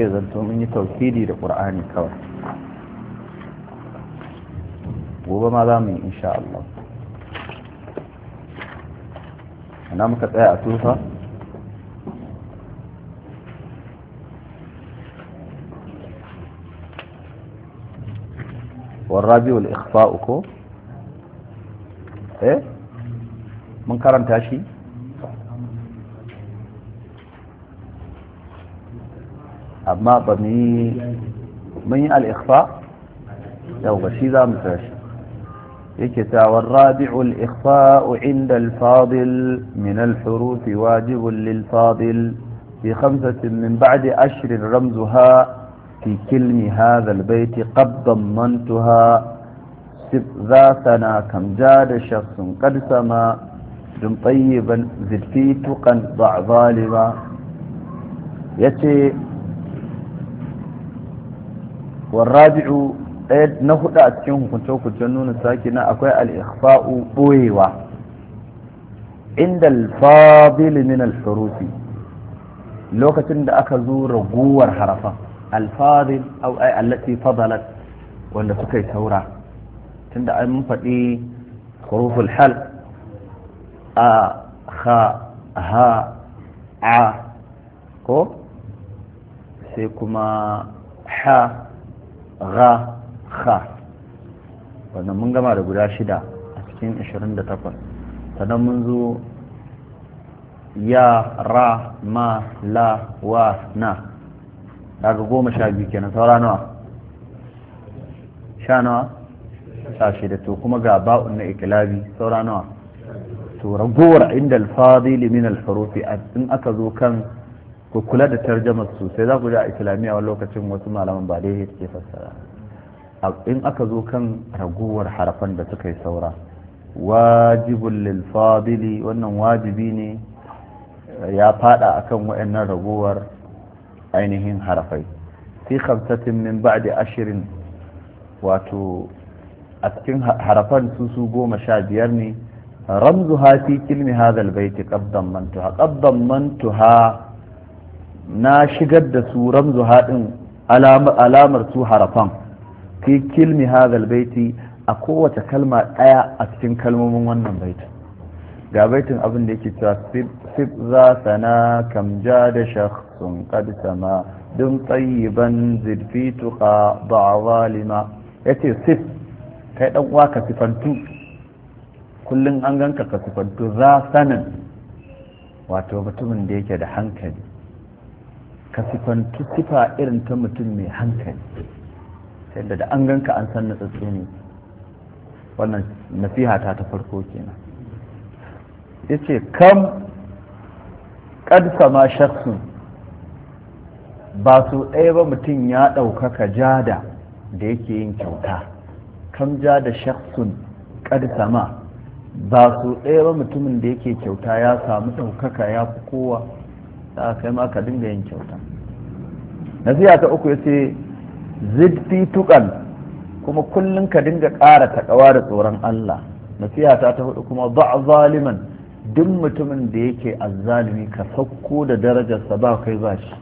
sai zanto mun yi tauhidi da qur'ani kawai gobe ma za mu yi insha Allah ana muka tsaya a tufa والرابع الإخفاء كو إيه من كرم تاشي أما بني من الإخفاء لو بشيذا مفاش يكتا والرابع الإخفاء عند الفاضل من الحروف واجب للفاضل في خمسة من بعد أشر رمزها في كلم هذا البيت قد ضمنتها ذا ثنا كم جاد شخص قد سما دم طيبا زد في تقا ضع ظالما يتي warrabi'u ɗaya na hudu a cikin hukunce-hukuncen nuna na akwai al'ikhfa'u ɓoyewa inda alfadili min alfarufi lokacin da aka zo raguwar harafan alfadil au ai allati fadalat wanda suka yi saura tunda an faɗi huruful hal a ha ha a ko sai kuma ha ra ha wannan mun gama da guda shida a cikin 28 sannan mun zo ya ra ma la wa na daga goma sha biyu kenan saura nawa sha nawa sha shida to kuma ga ba'un na ikilabi saura nawa to ragowar inda alfadili min alfarofi in aka zo kan ku kula da tarjamar sosai za ku ji a islamiyya wani lokacin wasu malaman ba dai ke fassara in aka zo kan raguwar harafan da suka yi saura wajibun lil fadili wannan wajibi ne eh, ya fada akan wayannan raguwar ainihin harafai fi khamsatin min ba'di ashirin wato a cikin harafan su su goma sha biyar ne ramzu hafi kilmi hadal baiti qabdan mantuha qabdan mantuha na shigar da su ramzu haɗin alamar su harafan fi kilmi hazal baiti a kowace kalma ɗaya a cikin kalmomin wannan baiti ga baitin abin da yake cewa sib za sana kamja da shakhsun qad sama ban tayyiban zid fi tuqa da'a zalima yace sif kai dan uwa ka sifantu kullun an ganka ka sifantu za sanin wato mutumin da yake da hankali ka sifantu sifa irin ta mutum mai hankali yadda da an ganka an san natsatsu ne wannan nasiha ta ta farko kenan ya ce kam ƙadsa shaksun ba su ɗaya ba mutum ya ɗaukaka jada da yake yin kyauta kam jada shaksun ƙadsa ma ba su ɗaya ba mutumin da yake kyauta ya samu ɗaukaka ya fi kowa sa'a kai ma ka dinga yin kyauta nasiha ta uku ya zid fi tuqal kuma kullun ka dinga ƙara takawa da tsoron Allah nasiha ta ta hudu kuma ba zaliman duk mutumin da yake azzalimi ka sauko da darajarsa ba kai ba shi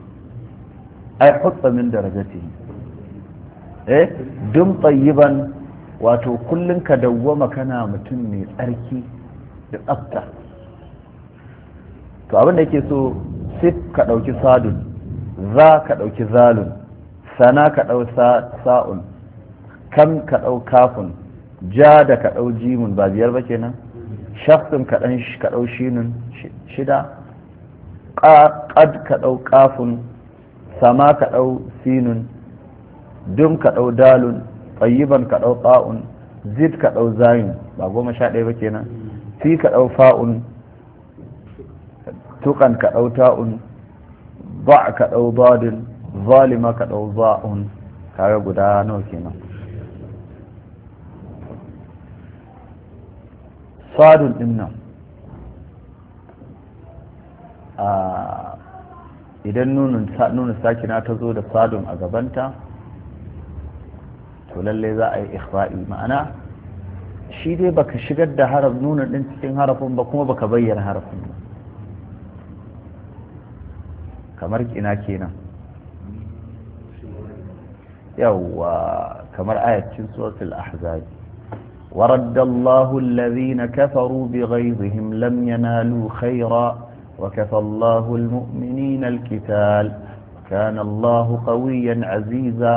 ai hutsa min darajati eh dum tayyiban wato kullum ka dawwama kana mutum mai tsarki da tsafta to abin da yake so sit ka ɗauki sadun za ka ɗauki zalun sana ka ɗau sa'un kam ka ɗau kafun ja da ka ɗau jimun ba biyar ba kenan shafin ka ɗau shinun shida ƙad ka ɗau kafun sama ka ɗau sinun dun ka ɗau dalun tsayiban ka ɗau ƙa'un zid ka ɗau zayin ba goma sha ɗaya ba kenan fi ka ɗau fa'un tukan ka ɗau ta'un ba ka ɗau badin zalima ka ɗau za'un kare guda nawa kenan sadun ɗin nan idan nuna sakina ta zo da sadun a gabanta to lallai za a yi ikhfa'i ma'ana shi dai baka shigar da haraf nuna ɗin cikin harafin ba kuma baka bayyana harafin ba kamar ina kenan yawwa kamar ayatin suratul ahzab ورد الله الذين كفروا بغيظهم لم ينالوا خيرا وكفى الله المؤمنين الكتال كان الله قويا عزيزا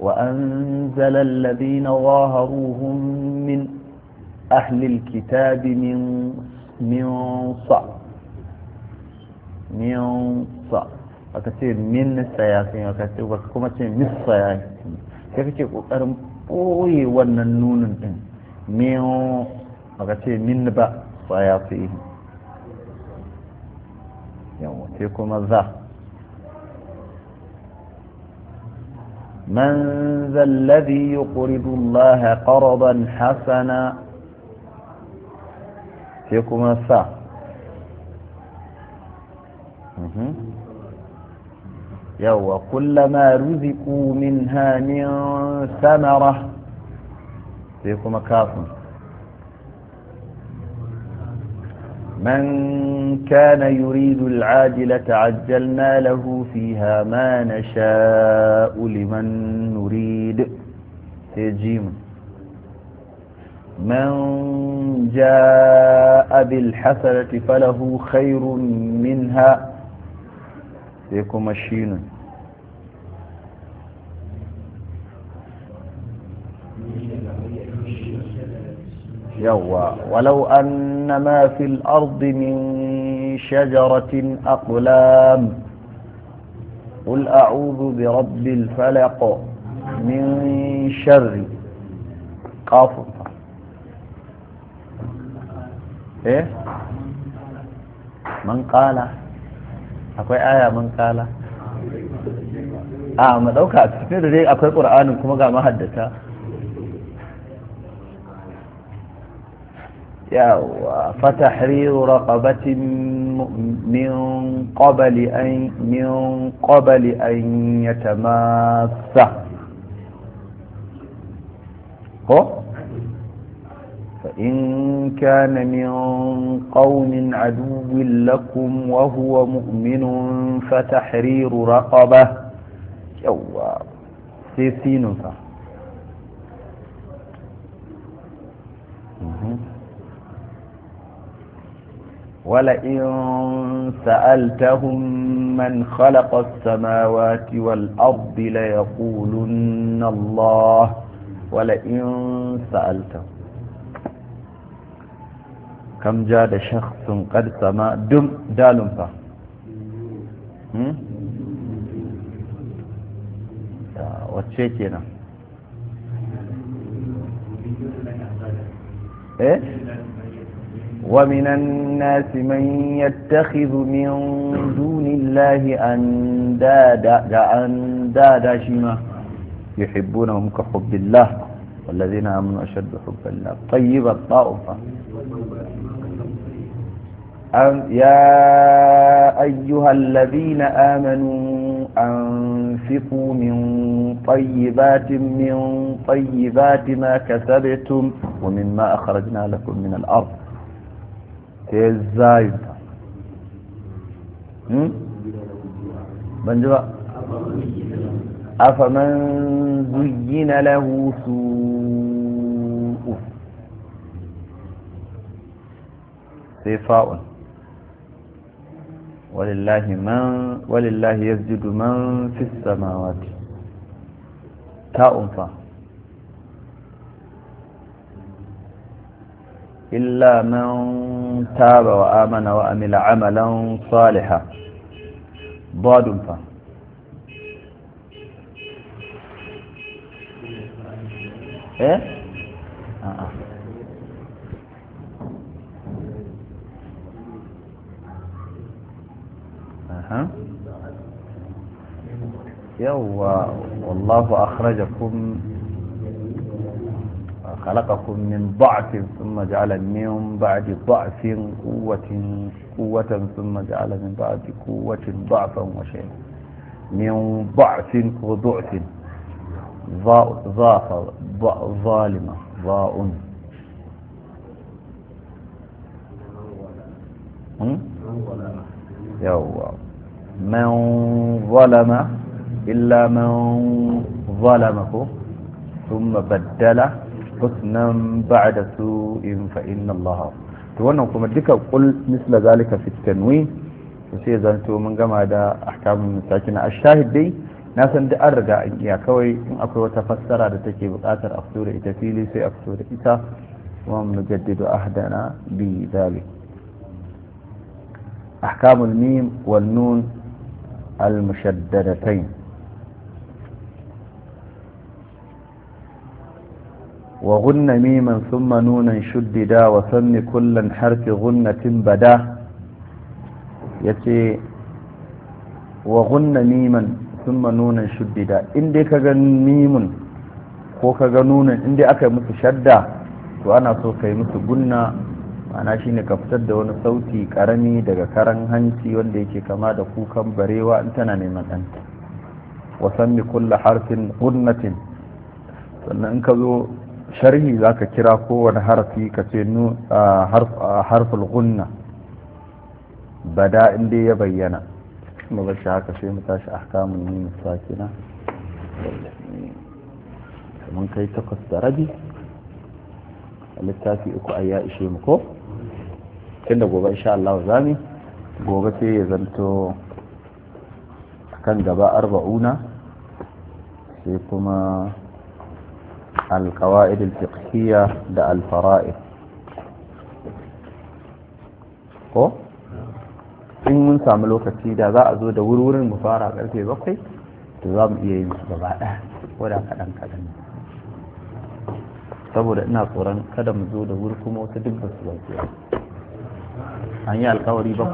وأنزل الذين ظاهروهم من أهل الكتاب من من صعب من صعب aka ce min sayasin aka ce wasu kuma ce mis sayasin sai kake kokarin ɓoye wannan nunin ɗin min aka ce min ba sayasin yawa sai kuma za من ذا الذي يقرض الله قرضا حسنا sai kuma sa يو كلما رزقوا منها من ثمرة فيكم كاف من كان يريد العاجلة عجلنا له فيها ما نشاء لمن نريد تجيم من جاء بالحسنة فله خير منها sai kuma shinun يوا ولو أن ما في الأرض من شجرة أقلام قل أعوذ برب الفلق من شر قاف إيه من قال akwai aya mun kala a mu dauka da dai akwai qur'anin kuma ga mahaddata yawa fatahriru raqabatin min qabli an min qabli an yatamassa ko إن كان من قوم عدو لكم وهو مؤمن فتحرير رقبة يوا سيسين صح ولئن سألتهم من خلق السماوات والأرض ليقولن الله ولئن سألتهم kam ja da shakhsun qad sama dum dalun fa hmm ta wace kenan eh wa dunillahi andada da andada shima ma yuhibbuna hum ka والذين آمنوا أشد حبا لله طيبة الطائفة يا أيها الذين آمنوا أنفقوا من طيبات من طيبات ما كسبتم ومما أخرجنا لكم من الأرض تزايد إيه بنجوا أفمن زين له سوء صفاء ولله من ولله يسجد من في السماوات تاء فا إلا من تاب وآمن وأمل عملا صالحا ضاد فا ايه اه, آه. يوا والله أخرجكم خلقكم من ضعف ثم جعل من بعد ضعف قوة قوة ثم جعل من بعد قوة ضعفا وشيئا من ضعف وضعف ضعف ظالمة ضاء يوا من ظلم illa man zalama ko thumma baddala husnan ba'da su'in fa inna Allah to wannan kuma duka qul misla zalika fi tanwin sai zanto mun gama da ahkamun misakin ash-shahid dai na san da an riga an iya kawai in akwai wata fassara da take buƙatar a fito da ita fili sai a fito da ita kuma mu jaddidu ahdana bi zalik ahkamul mim wal nun al mushaddadatain وغن ميما ثم نونا شددا وسم كلا حرف غنة بدا يتي وغن ميما ثم نونا شددا إن دي كغن ميم ko kaga ga nunan inda aka yi musu shadda to ana so ka yi musu gunna ana shine ka fitar da wani sauti karami daga karan hanci wanda yake kama da kukan barewa in tana neman ɗanta wasan mi kulla harfin hunnatin sannan in ka zo sharhi za ka kira kowane harfi ka ce harful gunna bada inda ya bayyana mu bashi haka sai mu tashi ahkamun sake na kamar kai takwas da rabi a littafi uku a ya ishe mu ko da gobe insha Allah za mu gobe sai ya zanto kan gaba arba'una sai kuma القواعد الفقهية دا الفرائض ko in mun samu lokaci da za a zo da wurwurin mu fara karfe bakwai to za mu iya yin su gaba ɗaya ko da kaɗan kaɗan saboda ina tsoron kada mu zo da wuri kuma wata duk ba su an yi alkawari ba